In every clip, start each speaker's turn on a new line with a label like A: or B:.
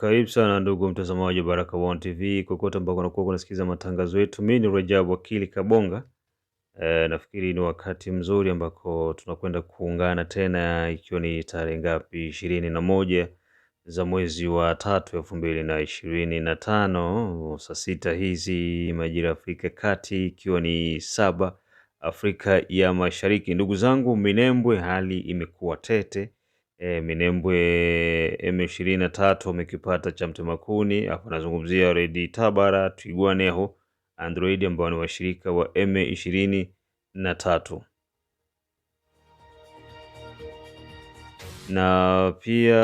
A: Karibu sana ndugu mtazamaji wa Baraka One TV kokote ambako unakuwa unasikiliza matangazo yetu. Mimi ni Rajabu Akili Kabonga. E, nafikiri ni wakati mzuri ambako tunakwenda kuungana tena ikiwa ni tarehe ngapi, ishirini na moja za mwezi wa tatu elfu mbili na ishirini na tano saa sita hizi majira ya Afrika Kati, ikiwa ni saba Afrika ya Mashariki. Ndugu zangu Minembwe, hali imekuwa tete e, Minembwe M23 amekipata cha Mtemakuni, hapo anazungumzia Redi Tabara, Twigwaneho, Android ambao ni washirika wa M23 na pia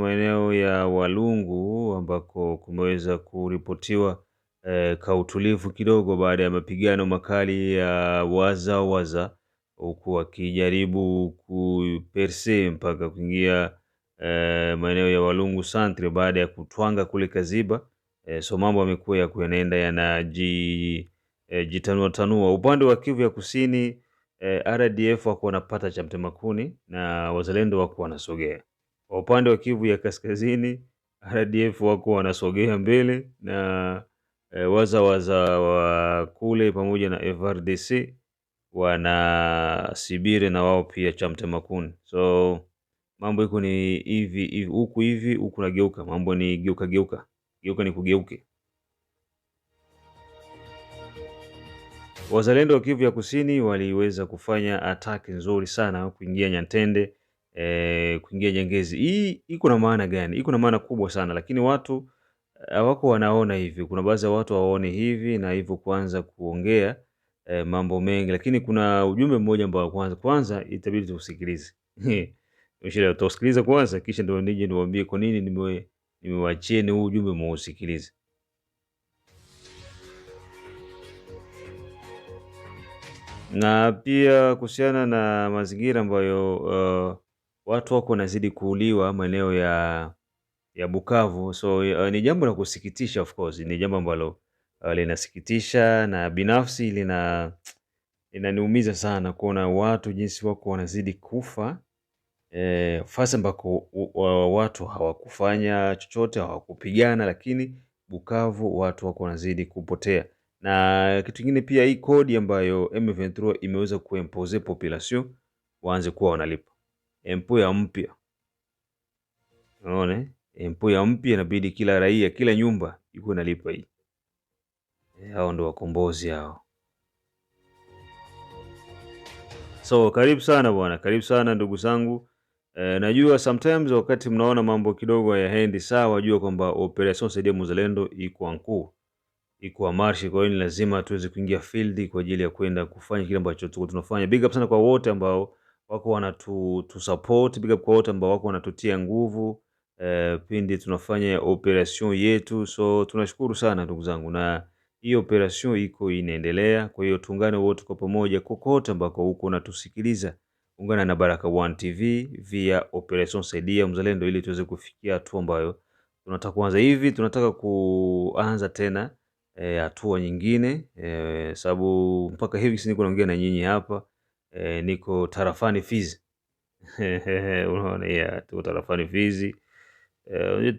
A: maeneo ya Walungu ambako kumeweza kuripotiwa e, eh, kautulivu kidogo baada ya mapigano makali ya wazawaza waza huku wakijaribu kuperse mpaka kuingia e, maeneo ya Walungu Santre baada ya kutwanga kule Kaziba. E, so mambo yamekuwa ya kuenenda yanajitanua eh, tanua. Upande wa Kivu ya Kusini E, eh, RDF wako wanapata cha mtemakuni na wazalendo wako wanasogea. Kwa upande wa Kivu ya Kaskazini RDF wako wanasogea mbele na waza wazawaza wa kule pamoja na FRDC wanasibiri na wao pia Chamte Makuni. So mambo iko ni hivi hivi, huku hivi huku nageuka, mambo ni geuka geuka geuka, ni kugeuke. Wazalendo wa Kivu ya Kusini waliweza kufanya ataki nzuri sana kuingia Nyantende e, kuingia Nyangezi. Hii iko na maana gani? Iko na maana kubwa sana, lakini watu eh, hawako wanaona hivi. Kuna baadhi ya watu hawaone hivi na hivyo kuanza kuongea e, mambo mengi, lakini kuna ujumbe mmoja ambao kwanza kwanza itabidi tusikilize. Ushile tusikilize kwanza, kisha ndio nije niwaambie kwa nini nime nimewachieni huu ujumbe muusikilize. Na pia kuhusiana na mazingira ambayo uh, watu wako wanazidi kuuliwa maeneo ya ya Bukavu, so uh, ni jambo la kusikitisha, of course ni jambo ambalo Uh, linasikitisha na binafsi lina inaniumiza sana kuona watu jinsi wako wanazidi kufa e, fasi ambako watu hawakufanya chochote, hawakupigana, lakini Bukavu watu wako wanazidi kupotea. Na kitu kingine pia, hii kodi ambayo M23 imeweza kuimpose population waanze kuwa wanalipa empo ya mpya, unaona empo ya mpya, inabidi kila raia, kila nyumba iko inalipa hii hao ndo wakombozi hao. So karibu sana bwana, karibu sana ndugu zangu. E, najua sometimes wakati mnaona mambo kidogo hayaendi sawa, jua kwamba Operation Saidia muzalendo iko ankuu iko marshi. Kwa hiyo ni lazima tuweze kuingia field kwa ajili ya kwenda kufanya kile ambacho tuko tunafanya. Big up sana kwa wote ambao wako wanatu tu support, big up kwa wote ambao wako wanatutia nguvu e, pindi tunafanya operation yetu. So tunashukuru sana ndugu zangu na hiyo operation iko inaendelea. Kwa hiyo tuungane wote kwa pamoja, kokote ambako huko unatusikiliza, ungana na Baraka One TV via operation saidia mzalendo, ili tuweze kufikia hatua ambayo tunataka kuanza. Hivi tunataka kuanza tena eh, hatua e, nyingine e, sababu mpaka hivi sisi niko naongea na nyinyi hapa e, niko tarafani Fizi unaona ya tuko tarafani Fizi. E,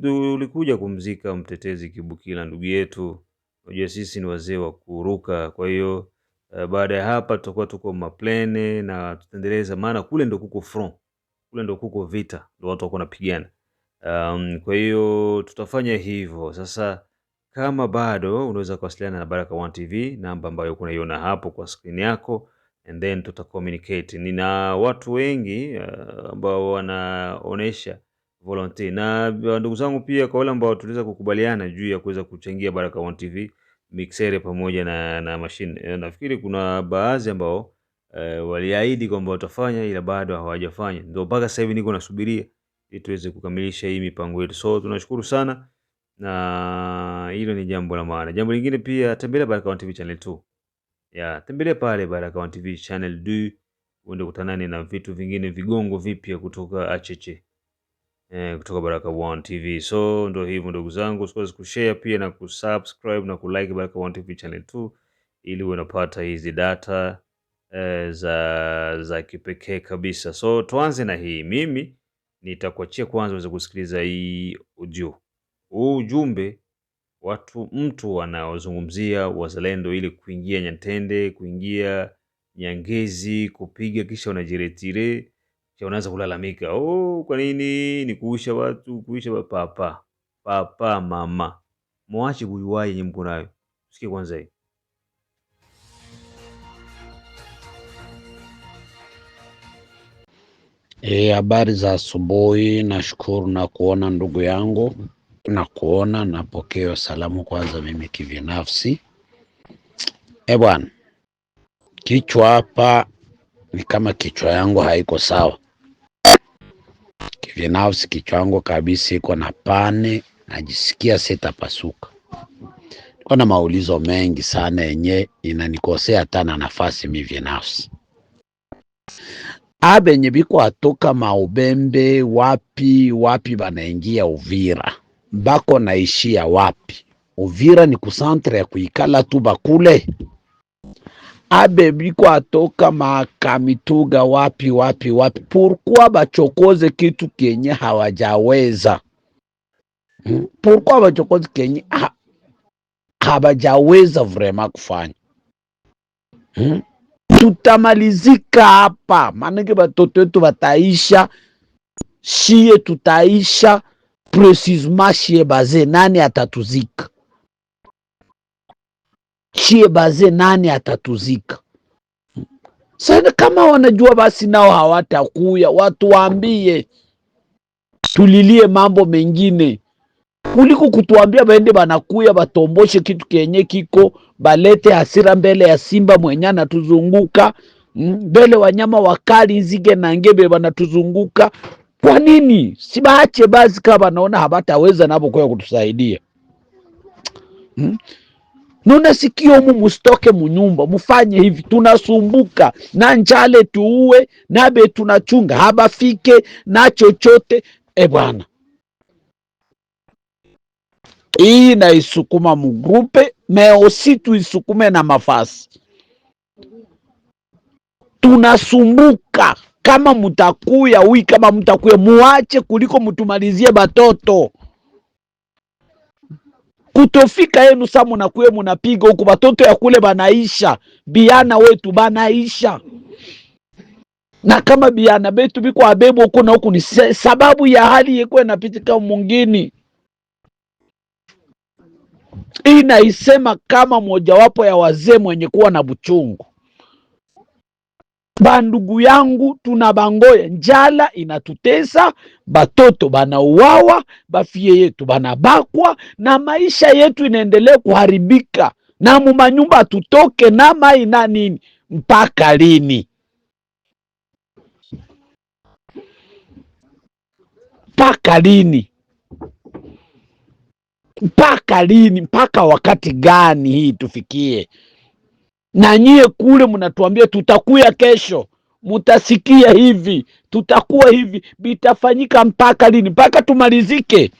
A: tulikuja kumzika mtetezi Kibukila ndugu yetu Unajua sisi ni wazee wa kuruka, kwa hiyo uh, baada ya hapa tutakuwa tuko maplane na tutaendeleza, maana kule ndo kuko front, kule ndo kuko vita, ndo watu wako napigana. Um, kwa hiyo tutafanya hivyo sasa. Kama bado unaweza kuwasiliana na Baraka One TV, namba ambayo kunaiona hapo kwa skrini yako, and then tuta communicate. Nina watu wengi eh, ambao wanaonesha volunteer. Na ndugu zangu, pia kwa wale ambao tuliweza kukubaliana juu ya kuweza kuchangia Baraka One TV mixere pamoja na, na mashine, eh, nafikiri kuna baadhi ambao e, waliahidi kwamba watafanya ila bado hawajafanya, ndio mpaka sasa hivi niko nasubiria ili tuweze kukamilisha hii mipango yetu. So tunashukuru sana, na hilo ni jambo la maana. Jambo lingine pia, tembelea Baraka One TV channel 2 ya tembelea pale Baraka One TV channel 2 uende kutanane na vitu vingine vigongo vipya kutoka Acheche eh, kutoka baraka One TV. So ndo hivyo ndugu zangu, usikose kushare pia na kusubscribe na kulike baraka One TV channel 2 ili unapata hizi data eh, za, za kipekee kabisa. So tuanze na hii, mimi nitakuachia kwanza uweze kusikiliza hii ujuu huu ujumbe watu mtu wanaozungumzia wazalendo ili kuingia Nyantende, kuingia Nyangezi, kupiga kisha wanajiretire unaanza kulalamika, oh, kwa nini nikuusha watu kuisha wa papa papa mama, mwache kuyuwai yenye mko nayo. Sikia kwanza hii
B: E, habari za asubuhi. Nashukuru na kuona ndugu yangu na kuona napokea salamu kwanza, mimi kivinafsi E eh, bwana, kichwa hapa ni kama kichwa yangu haiko sawa, Binafsi kichwa yangu kabisa iko na pane, najisikia sitapasuka. Niko na maulizo mengi sana yenye inanikosea hata na nafasi mi binafsi abenye biko atoka maubembe wapi wapi, banaingia Uvira bako naishia wapi? Uvira ni kusantre ya kuikala tu bakule atoka toka makamituga wapi wapi wapi, purkwa bachokoze kitu kenye hawajaweza? Hmm? purkwa bachokoze kenye ha, hawajaweza vrema kufanya hmm? Tutamalizika hapa, maanake batoto wetu bataisha shie, tutaisha precisement shie baze, nani atatuzika? chie baze, nani atatuzika? Sasa kama wanajua basi nao hawatakuya, watuambie tulilie mambo mengine kuliko kutuambia baende banakuya batomboshe kitu kenye kiko, balete hasira mbele ya simba mwenye anatuzunguka mm, mbele wanyama wakali nzige na ngebe banatuzunguka. Kwa nini si basi, kama banaona habataweza nabo kwa kutusaidia hmm? Nona sikio mu musitoke munyumba mufanye hivi, tunasumbuka na njale tuue nabe tunachunga habafike na chochote. E bwana, iyi naisukuma mugrupe meosi, tuisukume na mafasi. Tunasumbuka kama mutakuya wi, kama mutakuya muache kuliko mutumalizie batoto kutofika yenu samu na kuye munapiga huku, batoto ya kule banaisha, biana wetu banaisha na kama biana betu biko abebo huko na huko, ni sababu ya hali yekuwa inapitika mungini. Hii naisema kama mojawapo ya wazee mwenye kuwa na buchungu Bandugu yangu tuna bangoya, njala inatutesa, batoto banauawa, bafie yetu banabakwa, na maisha yetu inaendelea kuharibika, na mumanyumba tutoke na mai na nini, mpaka lini? Mpaka lini? Mpaka lini? Mpaka wakati gani hii tufikie? na nyie kule mnatuambia tutakuya kesho, mutasikia hivi, tutakuwa hivi, bitafanyika mpaka lini? Mpaka tumalizike?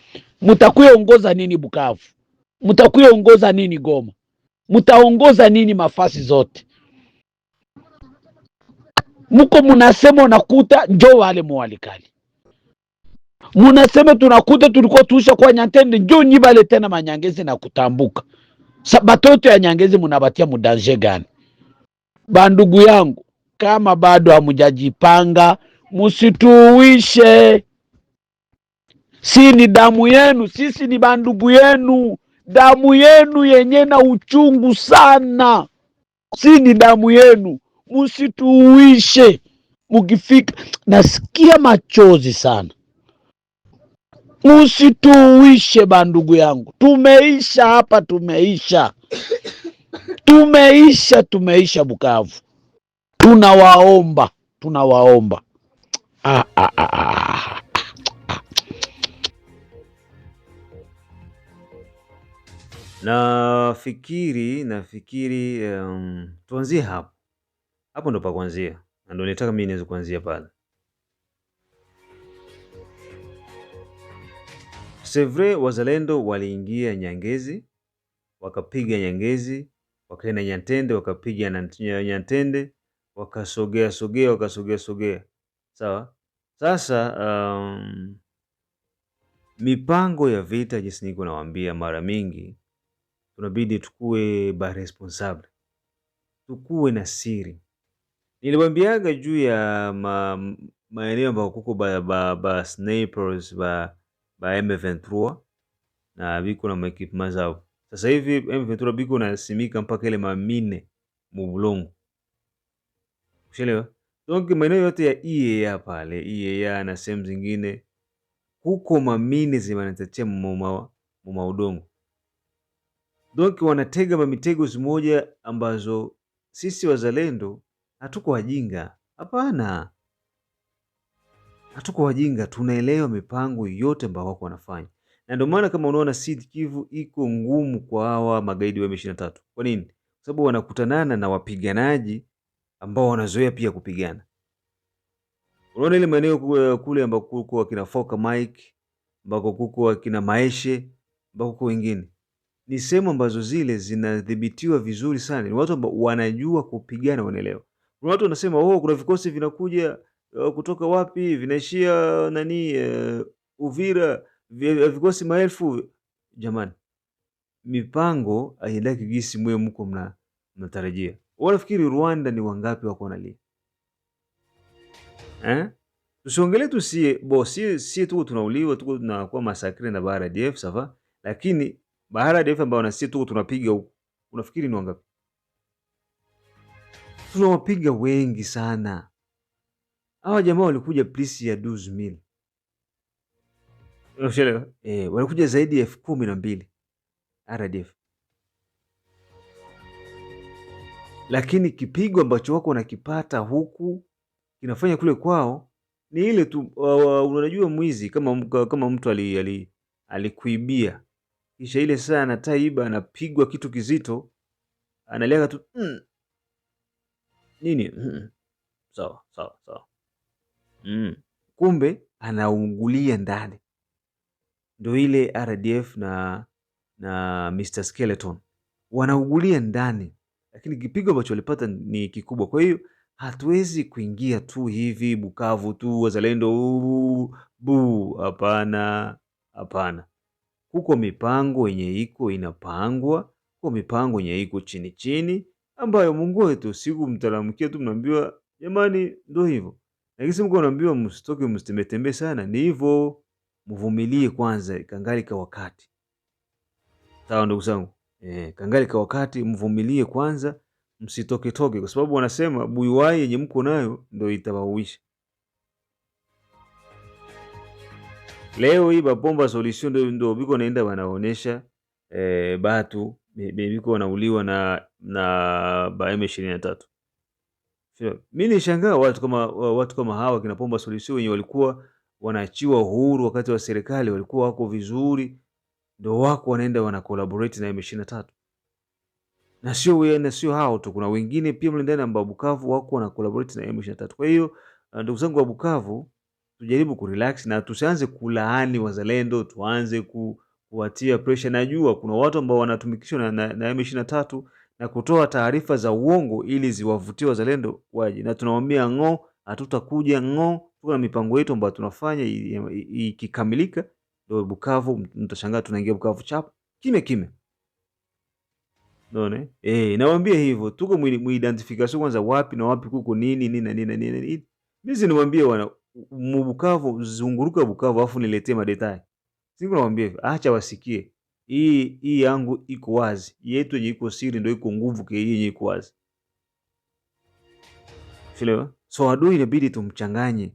B: Mtakuyaongoza nini Bukavu? Mtakuyaongoza nini Goma? Mtaongoza nini mafasi zote? Muko munasema unakuta njo wale mwalikali munasema tunakuta tulikuwa tuisha kwa nyantende njo nyibale tena manyangezi na kutambuka batoto ya Nyangezi munabatia mudanje gani? Bandugu yangu, kama bado hamujajipanga, musituuishe. Si ni damu yenu, sisi ni bandugu yenu, damu yenu yenye na uchungu sana. Si ni damu yenu, musituuishe. Mukifika nasikia machozi sana ba ndugu yangu, tumeisha hapa, tumeisha tumeisha tumeisha Bukavu. Tunawaomba, tunawaomba ah, ah, ah, ah. ah, ah, ah
A: nafikiri nafikiri um, tuanzie hapo hapo, ndo pa kuanzia, na ndo nitaka mimi niweze kuanzia pale. Sevre wazalendo waliingia Nyangezi wakapiga Nyangezi, wakaenda Nyantende wakapiga Nyantende, wakasogea sogea wakasogea sogea. Sawa. Sasa um, mipango ya vita, jinsi niko nawaambia mara mingi, tunabidi tukue ba responsable, tukue na siri. Niliwaambiaga juu ya ma, maeneo ambayo kuko ba, ba, ba snipers ba ba M23 na biko na maekipema zao. Sasa hivi M23 biko nasimika mpaka ile mamine mubulongo, ushelewa? Donc maeneo yote ya EAA pale EAA na sehemu zingine huko mamine zimanatatia udongo, Donc wanatega mamitego zimoja ambazo sisi wazalendo hatuko wajinga, hapana hatuko wajinga, tunaelewa mipango yote ambayo wako wanafanya, na ndio maana kama unaona Sud Kivu iko ngumu kwa hawa magaidi wa M23. Kwa nini? Kwa sababu wanakutanana na wapiganaji ambao wanazoea pia kupigana. Unaona ile maeneo kule ambako kuko akina Foka Mike, ambako kuko akina Maeshe, ambako kuko wengine ni sehemu ambazo zile zinadhibitiwa vizuri sana, ni watu ambao wanajua kupigana, wanaelewa. Kuna watu wanasema oh, kuna vikosi vinakuja Eh, kutoka wapi vinaishia nani uh, Uvira vikosi maelfu. Jamani, mipango aiendaki gisi mwe mko mna mnatarajia. Wanafikiri Rwanda ni wangapi wako nalia eh? Tusiongelee tu si bo si sie tuko tunauliwa na kwa masakre na bara DF safa, lakini bara DF ambao na si tu tunapiga huko, unafikiri ni wangapi? Tunawapiga wengi sana hawa jamaa walikuja plisi ya duz mil Eh, walikuja zaidi ya elfu kumi na mbili RDF, lakini kipigo ambacho wako wanakipata huku kinafanya kule kwao ni ile tu. Unajua mwizi kama, kama mtu alikuibia ali, ali kisha ile saa anataiba anapigwa kitu kizito analeka tu mm. nini mm. sawa sawa sawa mm. kumbe anaungulia ndani, ndo ile RDF na na Mr. Skeleton wanaugulia ndani, lakini kipigo ambacho walipata ni kikubwa. Kwa hiyo hatuwezi kuingia tu hivi Bukavu tu wazalendo bu hapana, hapana. Huko mipango yenye iko inapangwa, huko mipango yenye iko chini chini, ambayo Mungu wetu siku mtalamkia tu mnaambiwa jamani, ndo hivyo. Lakini si mko naambiwa msitoke msitembetembe sana, ni hivyo, mvumilie kwanza, kangali ka wakati. Sawa ndugu zangu eh, kangali ka wakati, mvumilie kwanza, msitoke toke, kwa sababu wanasema buiwai yenye mko nayo ndio itawahuisha. Leo hii bapomba solution ndio ndio biko naenda wanaonesha eh, batu biko wanauliwa na na ba M23. Sio, mimi nishangaa watu kama watu kama hawa kina Pombe Sulusi wenye walikuwa wanaachiwa uhuru wakati wa serikali walikuwa wako vizuri, ndio wako wanaenda wana collaborate na M23. Na sio wewe na sio hao tu, kuna wengine pia mle ndani ambao Bukavu wako wana collaborate na M23. Kwa hiyo uh, ndugu zangu wa Bukavu, tujaribu kurelax na tusianze kulaani wazalendo, tuanze ku, kuwatia pressure. Najua kuna watu ambao wanatumikishwa na, na, na M23 na kutoa taarifa za uongo ili ziwavutie wazalendo waje. Na tunawaambia ng'o, hatutakuja ng'o, tuko na mipango yetu ambayo tunafanya. Ikikamilika ndio Bukavu, mtashangaa tunaingia Bukavu chapa kime kime. Unaona eh, nawaambia hivyo, tuko muidentification kwanza, wapi na wapi kuko nini nini na nini nini. Mimi niwaambie wana Mubukavu, zunguruka Bukavu afu niletee madetai, sikuwaambia acha wasikie hii hii yangu iko wazi, yetu yenye iko siri ndio iko nguvu ke yenye iko wazi, sielewa. So adui inabidi tumchanganye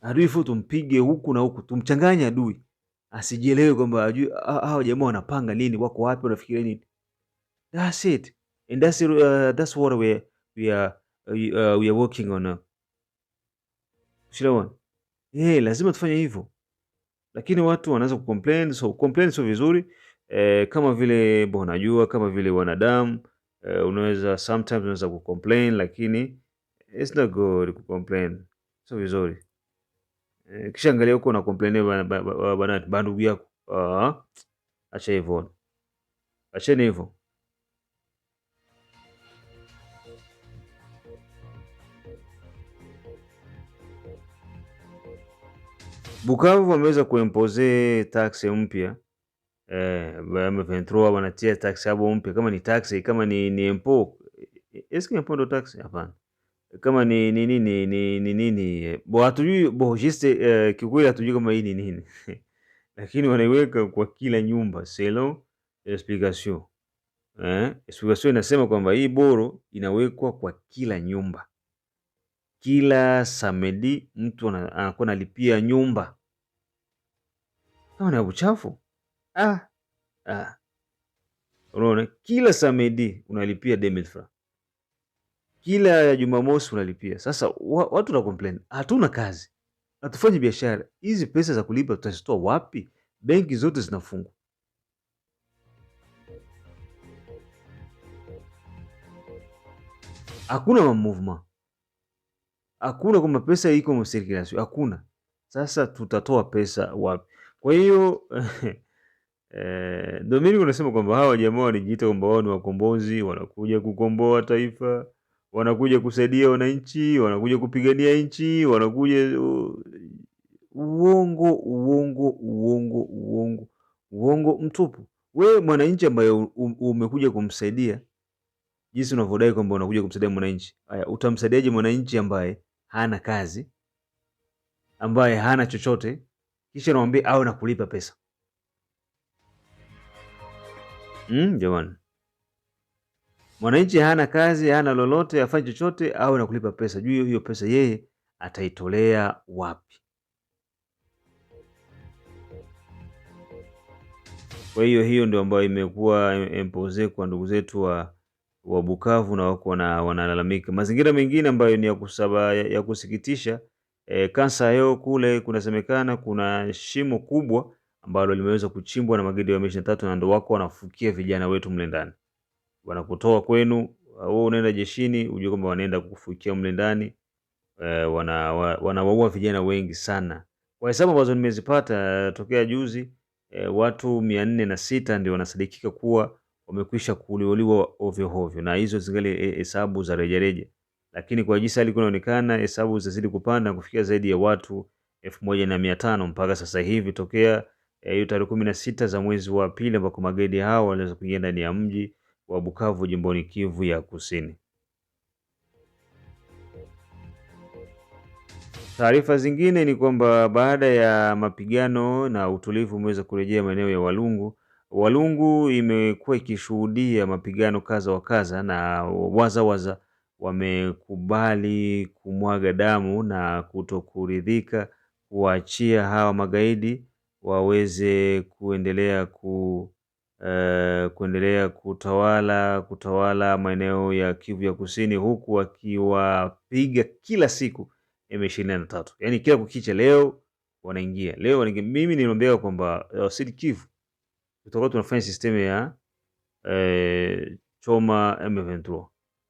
A: adui fu tumpige huku na huku, tumchanganye adui asijielewe kwamba ajui hao jamaa wanapanga nini, wako wapi, wanafikiria nini. That's it and that's uh, that's what we we are uh, we are working on. Sielewa eh, lazima tufanye hivyo. Lakini watu wanaweza kucomplain, so complain sio vizuri e, kama vile bonajua, kama vile wanadamu e, unaweza sometimes unaweza kucomplain, lakini it's not good complain, sio vizuri e, kisha angalia huko na complain bana bana bandugu yako, acha hivyo, acha hivyo. Bukavu wameweza kuimpose taxe mpya eh, M23 wanatia taxe hapo mpya, kama ni taxe, kama ni ni impo, eske impo ndo taxe? Hapana, kama ni ni ni ni ni ni ni ni bo hatujui bo jiste eh, kikweli hatujui kama hii ni nini lakini wanaiweka kwa kila nyumba selo explication eh, explication inasema kwamba hii boro inawekwa kwa kila nyumba kila samedi mtu anakuwa analipia nyumba kama ni uchafu ah, ah. Unaona, kila samedi unalipia 2000 kila Jumamosi unalipia. Sasa watu na complain, hatuna kazi, hatufanyi biashara, hizi pesa za kulipa tutazitoa wapi? Benki zote zinafungwa. Hakuna movement. Hakuna kwamba pesa iko mu circulation, hakuna. Sasa tutatoa pesa wapi? Kwa hiyo eh, Dominic unasema kwamba hawa jamaa wanajiita kwamba wao ni wakombozi, wanakuja kukomboa taifa, wanakuja kusaidia wananchi, wanakuja kupigania nchi, wanakuja uh, uongo uongo uongo uongo uongo mtupu. We mwananchi ambaye umekuja kumsaidia, jinsi unavyodai kwamba unakuja kumsaidia mwananchi, haya utamsaidiaje mwananchi ambaye hana kazi, ambaye hana chochote, kisha unamwambia au kulipa pesa mm, jamani, mwananchi hana kazi, hana lolote, afanye chochote, au kulipa pesa. Juu hiyo pesa yeye ataitolea wapi? Kwa hiyo hiyo ndio ambayo imekuwa impose kwa ndugu zetu wa wa Bukavu na wako na wanalalamika. Mazingira mengine ambayo ni ya kusaba, ya, kusikitisha e, kansa yao kule kunasemekana kuna shimo kubwa ambalo limeweza kuchimbwa na magendo ya M23 na ndio wako wanafukia vijana wetu mle ndani. Wanakutoa kwenu ah, wewe unaenda jeshini, ujue kwamba wanaenda kukufukia mle ndani e, wana, wa, wanawaua vijana wengi sana. Kwa hesabu ambazo nimezipata eh, tokea juzi e, watu mia nne na sita ndio wanasadikika kuwa wamekwisha kuliuliwa ovyo ovyo, na hizo zingali eh, hesabu za rejareja, lakini kwa jinsi alikuonekana hesabu zazidi kupanda kufikia zaidi ya watu elfu moja na mia tano mpaka sasa hivi tokea eh, hiyo tarehe kumi na sita za mwezi wa pili ambako magaidi hao waliweza kuingia ndani ya mji wa Bukavu jimboni Kivu ya Kusini. Taarifa zingine ni kwamba baada ya mapigano na utulivu umeweza kurejea maeneo ya Walungu Walungu imekuwa ikishuhudia mapigano kadha wa kadha na wazawaza wamekubali kumwaga damu na kutokuridhika kuwaachia hawa magaidi waweze kuendelea ku uh, kuendelea kutawala kutawala maeneo ya Kivu ya Kusini huku wakiwapiga kila siku M23. Yaani kila kukicha leo wanaingia. Leo wanaingia. Mimi niliwaambia kwamba eh, Sud Kivu tutakuwa tunafanya system ya e, choma M23.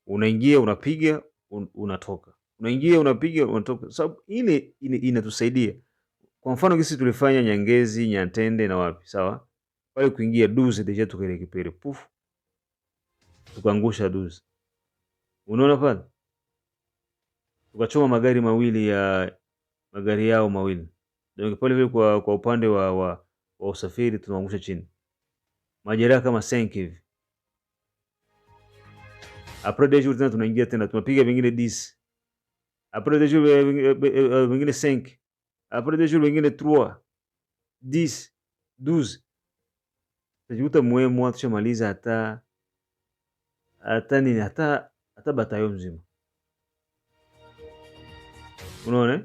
A: Unaingia unapiga un, unatoka, unaingia unapiga unatoka, sababu so, ile inatusaidia. ina Kwa mfano kisi tulifanya Nyangezi, Nyantende na wapi, sawa pale kuingia duzi deja tukaile kipere puf, tukaangusha duzi, unaona pale, tukachoma magari mawili ya magari yao mawili ndio pale vile. Kwa, kwa upande wa, wa, wa usafiri tunaangusha chini majeraha kama Senke hivi. Après deux jours tena tunaingia tena tunapiga vingine 10. Après deux jours vingine senk. Après deux jours vingine trois. 10, Douze. Tajuta mwe mwa tushamaliza hata hata nini hata hata batayo mzima. Unaona? Eh?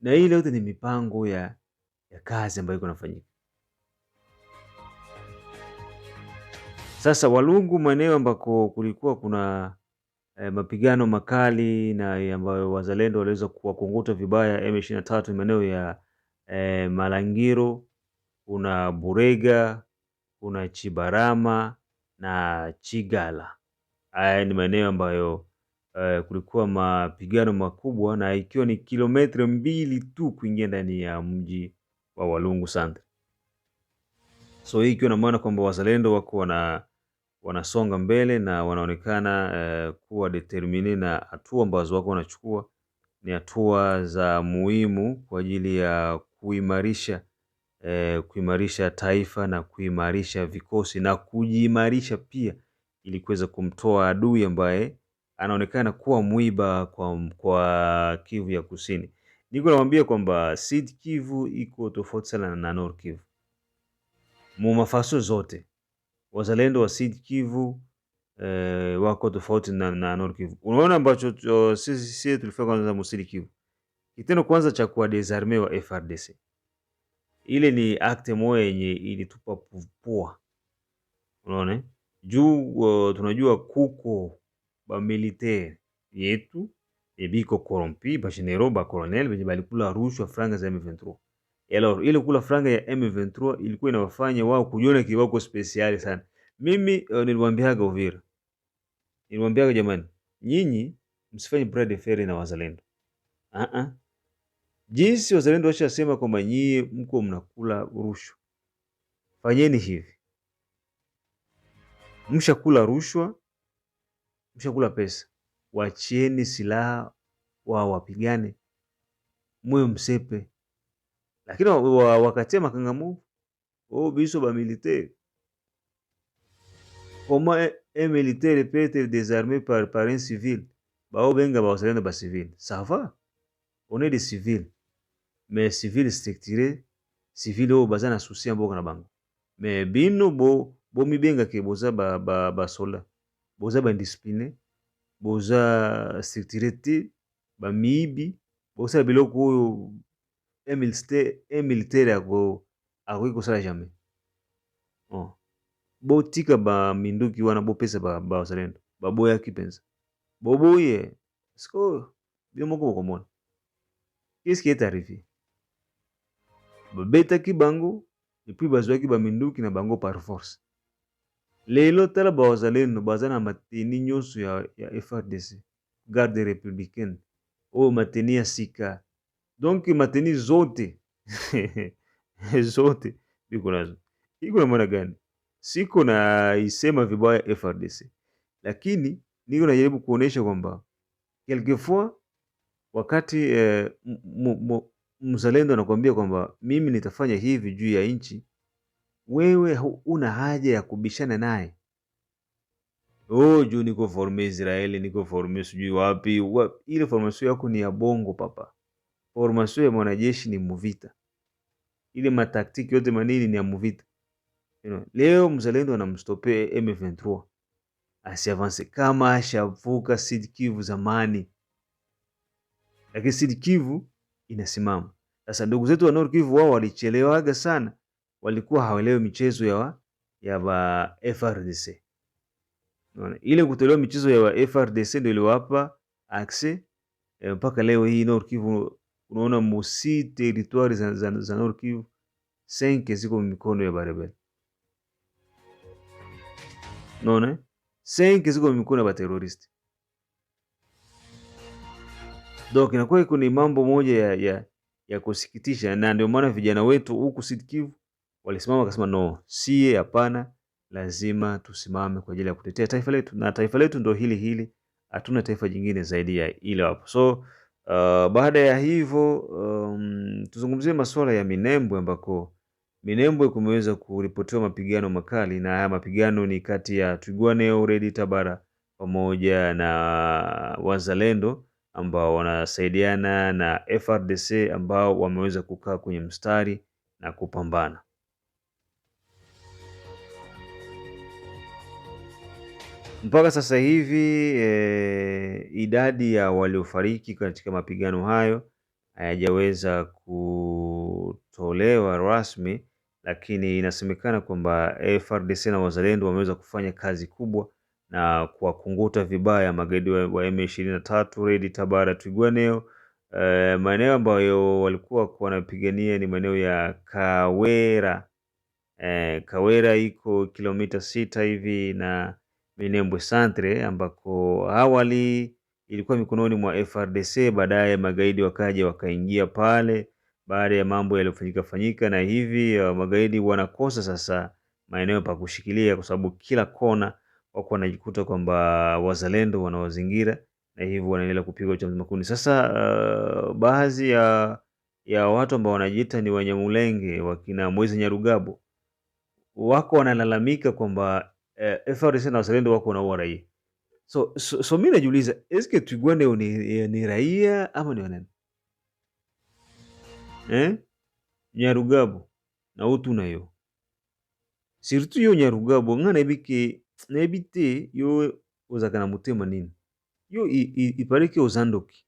A: Na hii leo ni mipango ya ya kazi ambayo iko nafanyika. Sasa Walungu maeneo ambako kulikuwa kuna eh, mapigano makali na ambayo wazalendo waliweza kuwakunguta vibaya M23 maeneo ya eh, Malangiro, kuna Burega, kuna Chibarama na Chigala. Haya ni maeneo ambayo eh, kulikuwa mapigano makubwa na ikiwa ni kilometre mbili tu kuingia ndani ya mji wa Walungu Sande. So hii ikiwa na maana kwamba wazalendo wako wana wanasonga mbele na wanaonekana eh, kuwa determine na hatua ambazo wako wanachukua ni hatua za muhimu kwa ajili ya kuimarisha eh, kuimarisha taifa na kuimarisha vikosi na kujiimarisha pia ili kuweza kumtoa adui ambaye anaonekana kuwa mwiba kwa, kwa Kivu ya Kusini. Niko namwambia kwamba Sud Kivu iko tofauti sana na Nord Kivu mu mafaso zote wazalendo wa Sud Kivu eh, wako tofauti na, na Nord Kivu. Unaona ambacho oh, sisi sisi tulifanya kwanza mu Sud Kivu, kitendo kwanza cha kuwa desarme wa FRDC, ile ni acte moya yenye ilitupa pua, unaona juu uh, tunajua kuko ba militaire yetu ebiko korompi ba general ba colonel benye balikula rushwa franga za M23 Alors ile kula franga ya M23 ilikuwa inawafanya wao kujiona kiwako speciali sana. Mimi uh, eh, niliwaambiaga Uvira, niliwaambiaga jamani, nyinyi msifanye bread fairy na wazalendo uh -uh. Jinsi wazalendo washasema kwamba nyinyi mko mnakula rushwa, fanyeni hivi, mshakula rushwa, mshakula pesa, wachieni silaha wao wapigane, mwe msepe lakini wakatia makangamu oyo oh, biso bamilitaire au moins un militaire peut être désarmé par, par un civil baobenga baosalenda bacivile ça va on est des civils mais civile structuré civile oyo baza na susi ya mboka na bango mais bino bomibengake bo boza basola ba, ba boza bandiscipline boza structuré te bamiyibi bosala biloko oyo un militaire akoki kosala jamais botika baminduki wana bopesa bazalendo baboyaki mpenza boboyi ye sikoyo bino moko bokomona qu'est-ce qui est arrivé babetaki bango epui bazwaki baminduki na bango par force lelo tala bazalendo baza na mateni nyonso ya, ya frdc garde républicaine oyo mateni ya sika donc mateni zote zote niko nazo. Iko na maana gani? Siko na isema vibaya FRDC, lakini niko najaribu kuonesha kwamba quelquefois wakati eh, mzalendo anakuambia kwamba mimi nitafanya hivi juu ya nchi, wewe una haja ya kubishana naye oh, juu niko forme Israeli, niko forme sijui wapi. Ile formation yako ni ya bongo papa. Formasio ya mwanajeshi ni Muvita, ile mataktiki yote manini ni ya Muvita. You know, leo mzalendo anamstopea M23 asiavance kama ashavuka Sud Kivu zamani, lakini Sud Kivu inasimama sasa. Ndugu zetu wa Nord Kivu wao walichelewaga sana, walikuwa hawaelewi michezo ya wa, ya ba FRDC. Unaona, Ile kutolewa michezo ya wa FRDC ndio iliwapa access eh, mpaka leo hii Nord Kivu Unaona Mosi territoire za, za, za Nord Kivu senke ziko mikono ya barebera, none eh? senke ziko mikono ya bateroristi. Donc inakuwa iko ni mambo moja ya, ya, ya kusikitisha, na ndio maana vijana wetu huku Sud Kivu walisimama wakasema, no sie, hapana, lazima tusimame kwa ajili ya kutetea taifa letu, na taifa letu ndio hili hili, hatuna taifa jingine zaidi ya ile hapo so Uh, baada ya hivyo um, tuzungumzie masuala ya Minembwe ambako Minembwe kumeweza kuripotiwa mapigano makali, na haya mapigano ni kati ya Twigwane Red Tabara pamoja na Wazalendo ambao wanasaidiana na frdc ambao wameweza kukaa kwenye mstari na kupambana. Mpaka sasa hivi e, idadi ya waliofariki katika mapigano hayo hayajaweza kutolewa rasmi, lakini inasemekana kwamba FARDC na wazalendo wameweza kufanya kazi kubwa na kuwakunguta vibaya magaidi wa M23 Red Tabara, Twirwaneho E, eh, maeneo ambayo walikuwa wanapigania ni maeneo ya Kawera E, Kawera iko kilomita sita hivi na Minembwe Centre ambako awali ilikuwa mikononi mwa FRDC, baadaye magaidi wakaja wakaingia pale baada ya mambo yaliyofanyika fanyika, na hivi magaidi wanakosa sasa maeneo pa kushikilia, kwa sababu kila kona wako wanajikuta kwamba wazalendo wanawazingira na hivyo wanaendelea kupigwa cha makundi. Sasa uh, baadhi ya ya watu ambao wanajiita ni Wanyamulenge wakina Mwezi Nyarugabo wako wanalalamika kwamba uh, eh, authorities na wazalendo wako wanaua raia. So, so, so mimi najiuliza eske Twigwande ni, ni raia ama ni wanani eh? Nyarugabo na utu nayo sirtu yo Nyarugabo nga naebike naebite yo ozaka na mutema nini yo ipareke ozandoki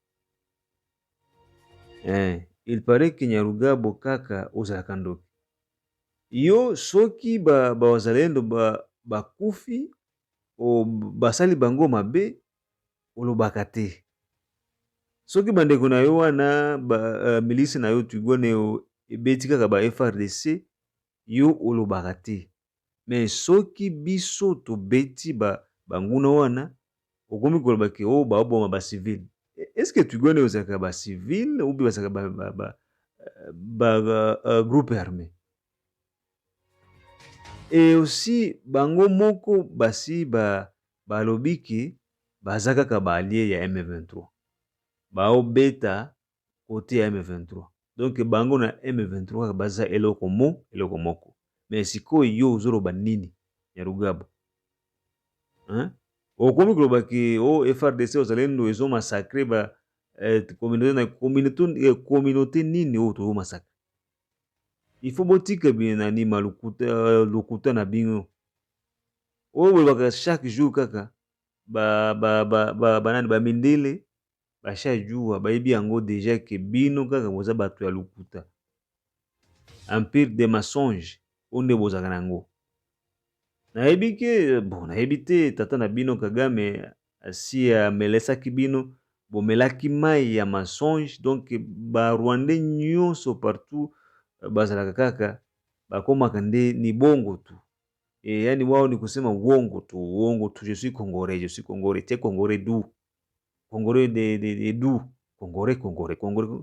A: eh, ipareke Nyarugabo kaka ozalaka ndoki yo soki ba, ba wazalendo ba bakufi basali bango mabe olobaka te soki bandeko na yo wana euh, milisi na yo tigone ebeti kaka ba frdc yo olobaka te me soki biso tobeti banguna wana okomi koloba ke oyo oh, baoboma bacivile estce tigone ozalaka bacivile ubi bazalaka bagroupe euh, euh, armé e aussi bango moko basi balobi ba ke baza kaka baalie ya m23 baobeta kote ya m23 donk bango na m23 kaka baza eloko mo eloko moko me sikoyo yo ozoloba nini ya lugabo okomi koloba ke o oh, frdc ozalendo ezomasakre ba eh, eh, communauté nini oyo oh, tozomasakre il faut botika bien nani ma lokuta na bino oyo bolobaka chaque jour kaka banani bamindele bashajuwa bayebi yango deja ke bino kaka boza bato ya lokuta empire de masonge oyo nde bozalaka nango nayebi ke bon nayebi te tata na bino kagame asi amelesaki bino bomelaki mai ya masonge donc barwande nyonso partout baraza la kakaka bakoma kandi ni bongo tu e, yani wao ni kusema uongo tu uongo tu je suis congolais je suis kongore te congolais du congolais de, de, de du congolais congolais congolais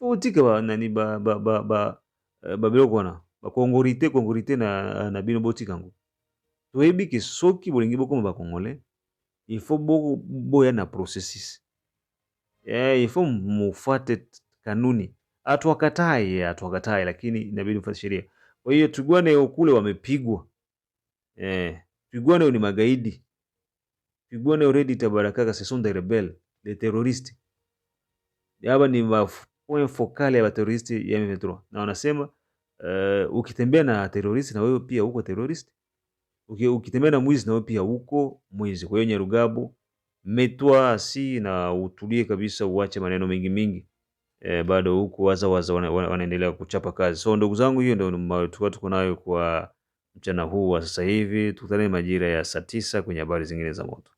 A: utika ba nani ba ba ba ba babelokona bakongorite kongorite na na bino botika ngo toyebiki soki bolingi bokoma bacongolais il faut boya na processus il faut mufate kanuni Hatuwakatai, hatuwakatai lakini inabidi mfuate sheria. Kwa hiyo Twigwaneho kule wamepigwa. Eh, Twigwaneho ni magaidi. Twigwaneho redi Tabaraka ce sont des rebelles, des terroristes. Hapa ni point focal ya terroristi ya M23. Na wanasema uh, ukitembea na terroristi na wewe pia uko terroristi. Ukitembea na mwizi na wewe pia uko mwizi. Kwa hiyo Nyarugabo metwa si na utulie kabisa, uache maneno mengi mengi e, bado huku wazawaza wanaendelea kuchapa kazi. So ndugu zangu, hiyo ndio tulikuwa tuko nayo kwa mchana huu wa sasa hivi. Tukutane majira ya saa tisa kwenye habari zingine za moto.